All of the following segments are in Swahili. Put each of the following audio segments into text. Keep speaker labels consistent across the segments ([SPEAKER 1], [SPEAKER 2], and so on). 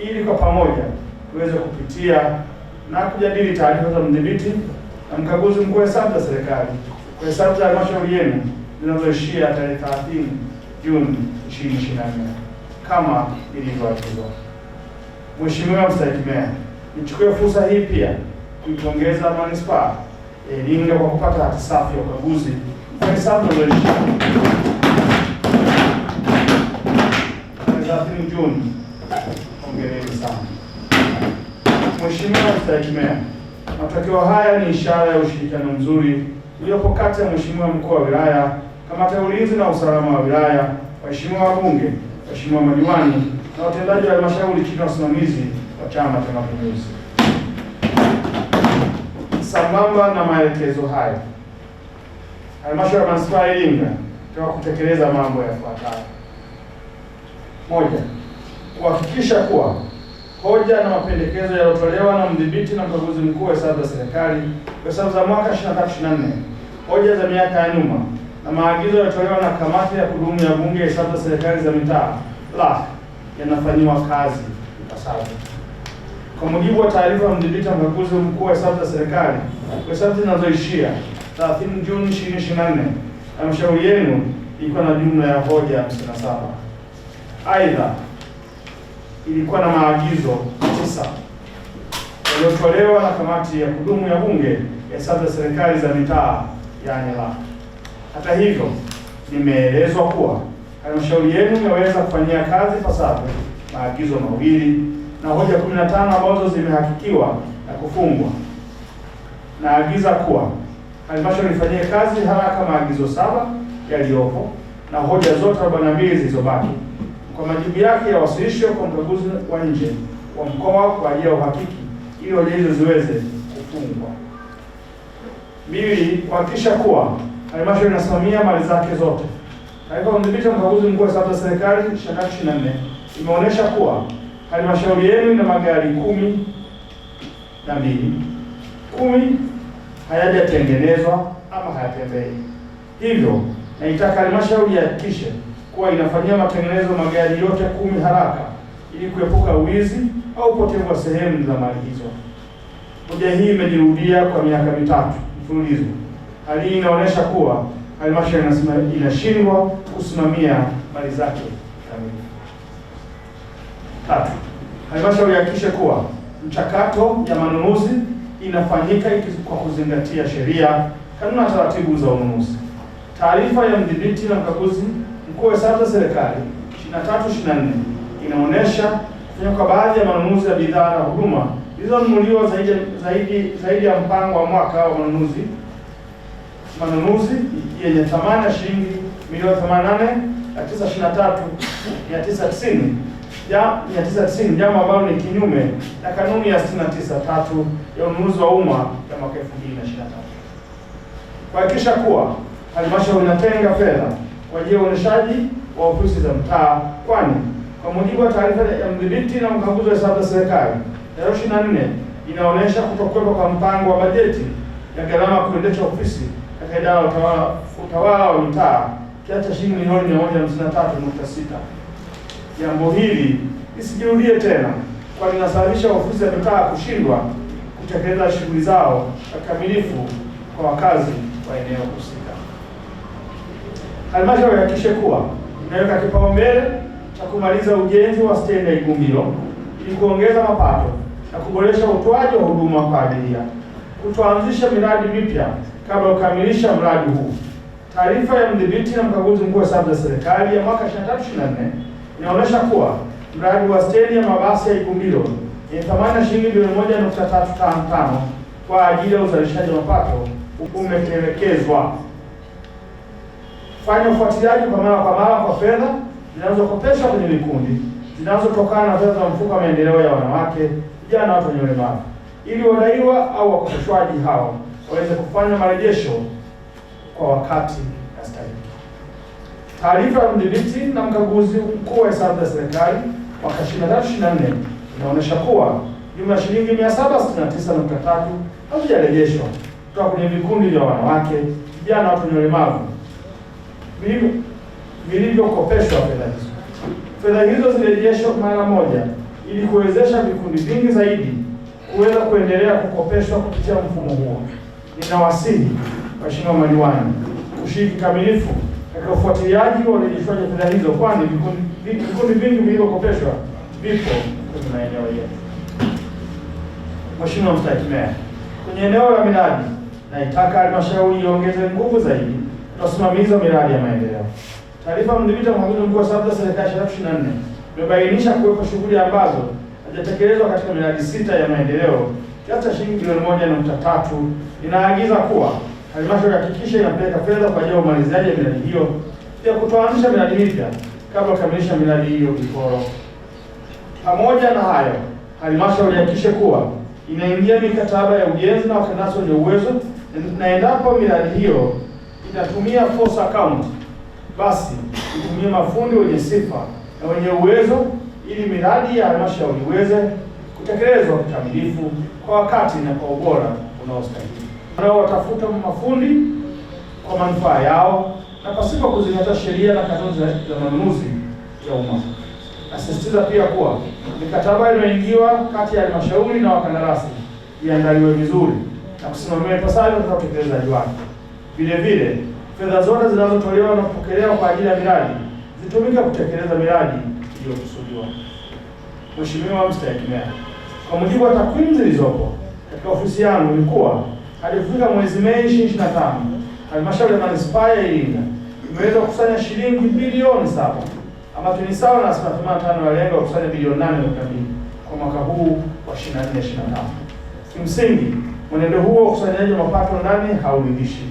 [SPEAKER 1] ili kwa pamoja tuweze kupitia na kujadili taarifa za mdhibiti na mkaguzi mkuu wa hesabu za serikali kwa hesabu za halmashauri yenu zinazoishia tarehe 30 Juni 2024 kama ilivyoagizwa. Mheshimiwa Mstahiki Meya, nichukue fursa hii pia kuipongeza manispaa ya Iringa kwa kupata hati safi ya ukaguzi kwa hesabu zinazoishia tarehe 30 Juni hongereni sana Mheshimiwa Stahiki Meya. Matokeo haya ni ishara ya ushirikiano mzuri uliopo kati ya Mheshimiwa mkuu wa wilaya, kamati ya ulinzi na usalama wa wilaya, waheshimiwa wabunge, waheshimiwa madiwani na watendaji wa halmashauri chini ya usimamizi wa Chama cha Mapinduzi. Sambamba na maelekezo haya, halmashauri ya manispaa ya Iringa kutekeleza mambo yafuatayo: moja kuhakikisha kuwa hoja na mapendekezo yaliyotolewa na mdhibiti na mkaguzi mkuu wa hesabu za serikali kwa hesabu za mwaka 23 hoja za miaka ya nyuma na maagizo yaliyotolewa na kamati ya kudumu ya Bunge ya hesabu za serikali za mitaa la yanafanyiwa kazi ipasavyo. Kwa mujibu wa taarifa ya mdhibiti na mkaguzi mkuu wa hesabu za serikali kwa hesabu zinazoishia 30 Juni 2024, halmashauri yenu iko na jumla ya hoja 57. Aidha, ilikuwa na maagizo tisa yaliyotolewa na kamati ya kudumu ya bunge ya sasa serikali za mitaa ya LAHA. Hata hivyo, nimeelezwa kuwa halmashauri yenu imeweza kufanyia kazi pasavyo maagizo mawili na hoja 15 ambazo zimehakikiwa na kufungwa. Naagiza kuwa halmashauri ifanyie kazi haraka maagizo saba yaliyopo na hoja zote 42 zilizobaki kwa majibu yake yawasilishwe kwa mkaguzi wa nje wa mkoa kwa ajili ya uhakiki ili hoja hizo ziweze kufungwa. Mbili, kuhakikisha kuwa halmashauri inasimamia mali zake zote. Taarifa ya mdhibiti wa mkaguzi mkuu wa hesabu za serikali shekati ishirini na nne imeonyesha kuwa halmashauri yenu ina magari kumi na mbili, kumi hayajatengenezwa ama hayatembei. Hivyo naitaka halmashauri ihakikishe kuwa inafanyia matengenezo magari yote kumi haraka ili kuepuka wizi au upotevu wa sehemu za mali hizo. Hoja hii imejirudia kwa miaka mitatu mfululizo. Hali hii inaonyesha kuwa halmashauri inashindwa kusimamia mali zake kamili. Tatu, halmashauri ihakikishe kuwa mchakato ya manunuzi inafanyika kwa kuzingatia sheria, kanuni na taratibu za ununuzi. Taarifa ya mdhibiti na mkaguzi mkuu wa hesabu za serikali 23 24 inaonyesha kufanywa kwa baadhi ya manunuzi ya bidhaa na huduma zilizonunuliwa zaidi zaidi zaidi ya mpango wa mwaka wa manunuzi manunuzi yenye thamani ya shilingi milioni 990 jambo ambalo ni kinyume na kanuni ya 693 ya ununuzi wa umma ya mwaka 2023 kuhakikisha kuwa halmashauri inatenga fedha wajiooneshaji wa ofisi za mtaa, kwani kwa mujibu wa taarifa ya mdhibiti na mkaguzi wa hesabu za serikali tarehe ishirini na nne inaonyesha kutokuwepo kwa mpango wa bajeti ya gharama ya kuendesha ofisi katika idara ya utawala wa mtaa kiasi cha shilingi milioni mia moja hamsini na tatu nukta sita. Jambo hili lisijirudie tena, kwani linasababisha ofisi za mitaa kushindwa kutekeleza shughuli zao kikamilifu kwa wakazi wa eneo husika halmashauri ihakikishe kuwa inaweka kipaumbele cha kumaliza ujenzi wa stendi ya Igumilo ili kuongeza mapato na kuboresha utoaji wa huduma kwa abiria, kutoanzisha miradi mipya kabla ya kukamilisha mradi huu. Taarifa ya mdhibiti na mkaguzi mkuu wa hesabu za serikali ya mwaka 2023/2024 inaonyesha kuwa mradi wa stendi ya mabasi ya igumbilo yenye thamani ya shilingi bilioni 1.355 kwa ajili ya uzalishaji wa mapato umetelekezwa Fanya ufuatiliaji kwa mara kwa mara kwa fedha zinazokopeshwa kwenye vikundi zinazotokana na fedha za mfuko wa maendeleo ya wanawake, vijana watu wenye ulemavu, ili wadaiwa au wakopeshwaji hao waweze kufanya marejesho kwa wakati na stahiki. Taarifa ya mdhibiti na mkaguzi mkuu wa hesabu za serikali mwaka 2023/2024 inaonyesha kuwa jumla ya shilingi 769.3 hazijarejeshwa kutoka kwenye vikundi vya wanawake, vijana watu wenye ulemavu vilivyokopeshwa fedha hizo. Fedha hizo zirejeshwa mara moja ili kuwezesha vikundi vingi zaidi kuweza kuendelea kukopeshwa kupitia mfumo huo. Ninawasihi waheshimiwa madiwani kushiriki kamilifu katika ufuatiliaji wa urejeshwaji fedha hizo, kwani vikundi vingi vilivyokopeshwa vipo kwenye maeneo yetu. Mheshimiwa Mstahiki Meya, kwenye eneo la miradi naitaka halmashauri iongeze nguvu zaidi na wa miradi ya maendeleo. Taarifa ya mdhibiti wa mkaguzi mkuu wa hesabu za serikali ya 2024 imebainisha kuwepo shughuli ambazo hazijatekelezwa katika miradi sita ya maendeleo kiasi cha shilingi bilioni moja nukta tatu. Inaagiza kuwa halmashauri hakikisha inapeleka fedha kwa ajili ya umaliziaji wa miradi hiyo pia kutoanzisha miradi mipya kabla kukamilisha miradi hiyo vikoro. Pamoja na hayo, halmashauri hakikishe kuwa inaingia mikataba ya ujenzi na wakandarasi wenye uwezo na endapo miradi hiyo inatumia force account, basi itumie mafundi wenye sifa na wenye uwezo ili miradi ya halmashauri iweze kutekelezwa kikamilifu kwa wakati na kwa ubora unaostahili. Watafuta mafundi kwa manufaa yao na pasipo kuzingatia sheria na kanuni za manunuzi ya umma. Nasisitiza pia kuwa mikataba iliyoingiwa kati ya halmashauri na wakandarasi iandaliwe vizuri na kusimamia ipasavyo katika utekelezaji wake. Vile vile fedha zote zinazotolewa na kupokelewa kwa ajili ya miradi zitumike kutekeleza miradi iliyokusudiwa. Mheshimiwa Mstahiki Meya, kwa mujibu wa takwimu zilizopo katika ofisi yangu ni kuwa hadi kufika mwezi Mei 2025 halmashauri ya manispaa ya Iringa imeweza kukusanya shilingi bilioni saba ama tuni sawa na asilimia tano ya lengo la kukusanya bilioni nane nukta mbili kwa mwaka huu wa 2024 Kimsingi mwenendo huo wa ukusanyaji wa mapato ndani hauridhishi.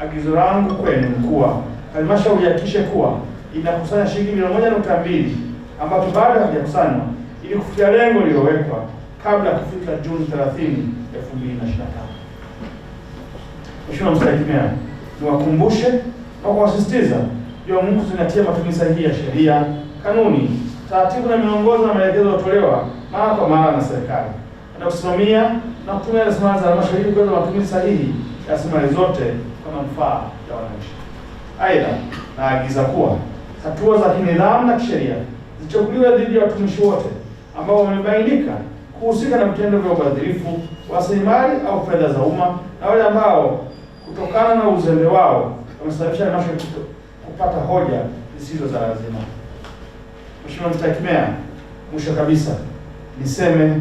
[SPEAKER 1] Agizo langu kwenu kuwa halmashauri ihakikishe kuwa inakusanya shilingi milioni moja nukta mbili ambapo bado hazijakusanywa ili kufikia lengo lililowekwa kabla ya kufika Juni 30, 2025. Mheshimiwa Mstahiki Meya, niwakumbushe na kuwasisitiza juu ya umuhimu kuzingatia matumizi sahihi ya sheria, kanuni, taratibu na miongozo na maelekezo yatolewa mara kwa mara na serikali na kusimamia na kutumia rasilimali za halmashauri kuweza matumizi sahihi ya rasilimali zote manufaa ya wananchi. Aidha, naagiza kuwa hatua za kinidhamu na kisheria zichukuliwe dhidi ya watumishi wote ambao wamebainika kuhusika na vitendo vya ubadhirifu wa rasilimali au fedha za umma na wale ambao kutokana na uzembe wao wamesababisha halmashauri kupata hoja zisizo za lazima. Mheshimiwa Mstahiki Meya, mwisho kabisa niseme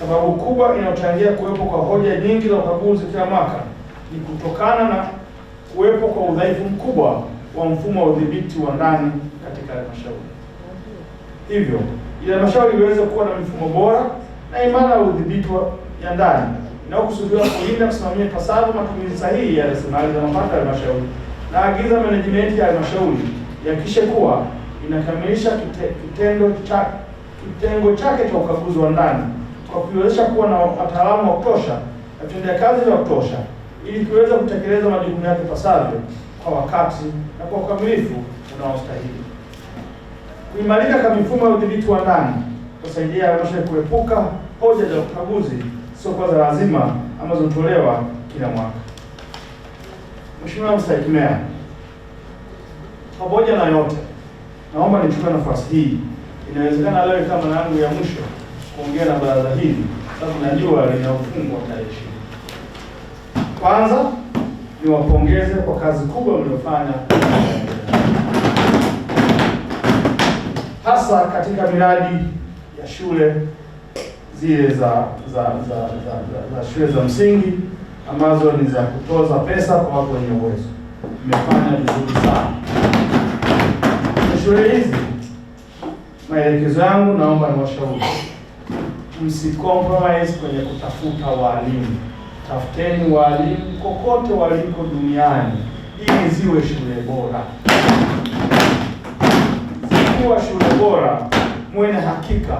[SPEAKER 1] sababu kubwa inayochangia kuwepo kwa hoja nyingi za ukaguzi kila mwaka ni kutokana na kuwepo kwa udhaifu mkubwa wa mfumo wa udhibiti wa ndani katika halmashauri. Hivyo ili halmashauri iweze kuwa na mifumo bora na imara ya udhibiti ya ndani inayokusudiwa kulinda, kusimamia ipasavyo matumizi sahihi ya rasilimali za mapato ya halmashauri, na agiza management ya halmashauri yakishe kuwa inakamilisha kitendo cha kitengo chake cha ukaguzi wa ndani kwa kuiwezesha kuwa na wataalamu wa kutosha na vitendea kazi vya kutosha ili kuweza kutekeleza majukumu yake pasavyo kwa wakati na kwa ukamilifu unaostahili. Kuimarika kwa mifumo ya udhibiti wa ndani kusaidia halmashauri kuepuka hoja za ukaguzi siokuwa za lazima ambazo hutolewa kila mwaka. Mheshimiwa Mstahiki Meya, pamoja na yote, naomba nichukue nafasi hii, inawezekana leo kama yangu ya mwisho kuongea na baraza hili, sababu najua linafungwa tarehe kwanza niwapongeze kwa kazi kubwa mliofanya hasa katika miradi ya shule zile za za za, za, za, za shule za msingi ambazo ni za kutoza pesa kwa watu wenye uwezo. Mmefanya vizuri sana shule hizi. Maelekezo yangu, naomba niwashauri msicompromise kwenye kutafuta walimu tafuteni walimu kokote waliko duniani ili ziwe shule bora. zikuwa shule bora, muwe na hakika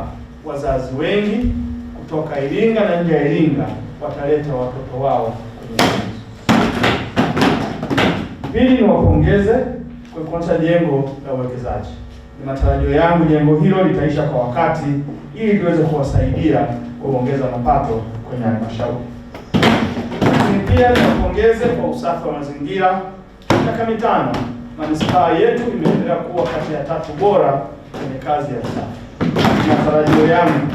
[SPEAKER 1] wazazi wengi kutoka Iringa na nje ya Iringa wataleta watoto wao kwenye Pili, niwapongeze kwa kuanza jengo la uwekezaji. Ni matarajio yangu jengo hilo litaisha kwa wakati ili liweze kuwasaidia kuongeza mapato kwenye halmashauri pia niwapongeze kwa usafi wa mazingira. Miaka mitano manispaa yetu imeendelea kuwa kati ya tatu bora kwenye kazi ya usafi. Matarajio yangu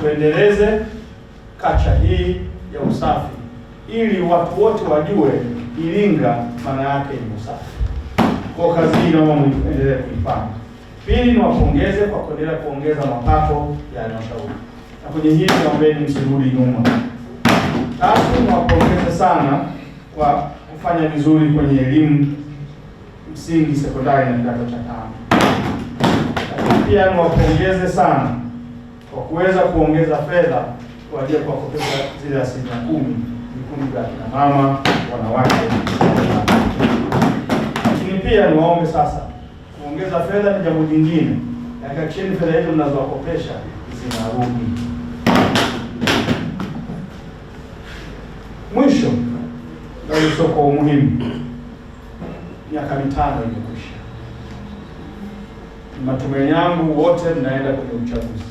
[SPEAKER 1] tuendeleze kacha hii ya usafi ili watu wote wajue Iringa maana yake ni usafi. Kwa kazi hii naomba muendelee kuipanga. Pili, niwapongeze kwa kuendelea kuongeza mapato ya halmashauri, na kwenye hili naombeni msirudi nyuma sana kwa kufanya vizuri kwenye elimu msingi, sekondari na kidato cha tano. Lakini pia niwapongeze sana kwa kuweza kuongeza fedha kwa ajili ya kuwakopesha zile asilimia kumi vikundi vya kina mama, wanawake. Lakini pia niwaombe sasa, kuongeza fedha ni jambo jingine, hakikisheni fedha hizo mnazowakopesha zinarudi Mwisho na sio kwa umuhimu, miaka mitano imekwisha. Matumaini yangu wote mnaenda kwenye uchaguzi.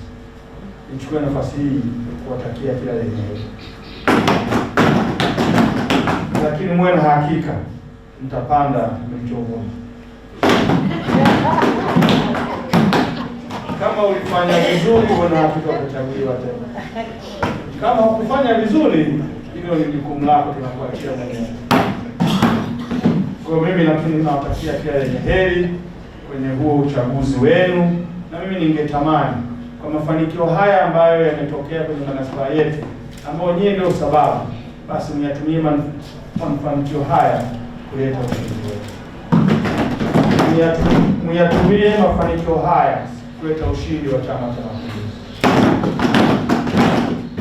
[SPEAKER 1] Nichukue nafasi hii kuwatakia kila la heri, lakini muwe na hakika mtapanda mlichovuna. Kama ulifanya vizuri, uwe na hakika utachaguliwa tena. Kama hukufanya vizuri hilo ni jukumu lako, tunakuachia mwenyewe. Kwa mimi lakini nawatakia kila lenye heri kwenye huo uchaguzi wenu, na mimi ningetamani kwa mafanikio haya ambayo yametokea kwenye manispaa yetu ambayo nyie ndio sababu, basi myatumie mafanikio haya kuleta ushindi wetu, myatumie mafanikio haya kuleta ushindi wa chama cha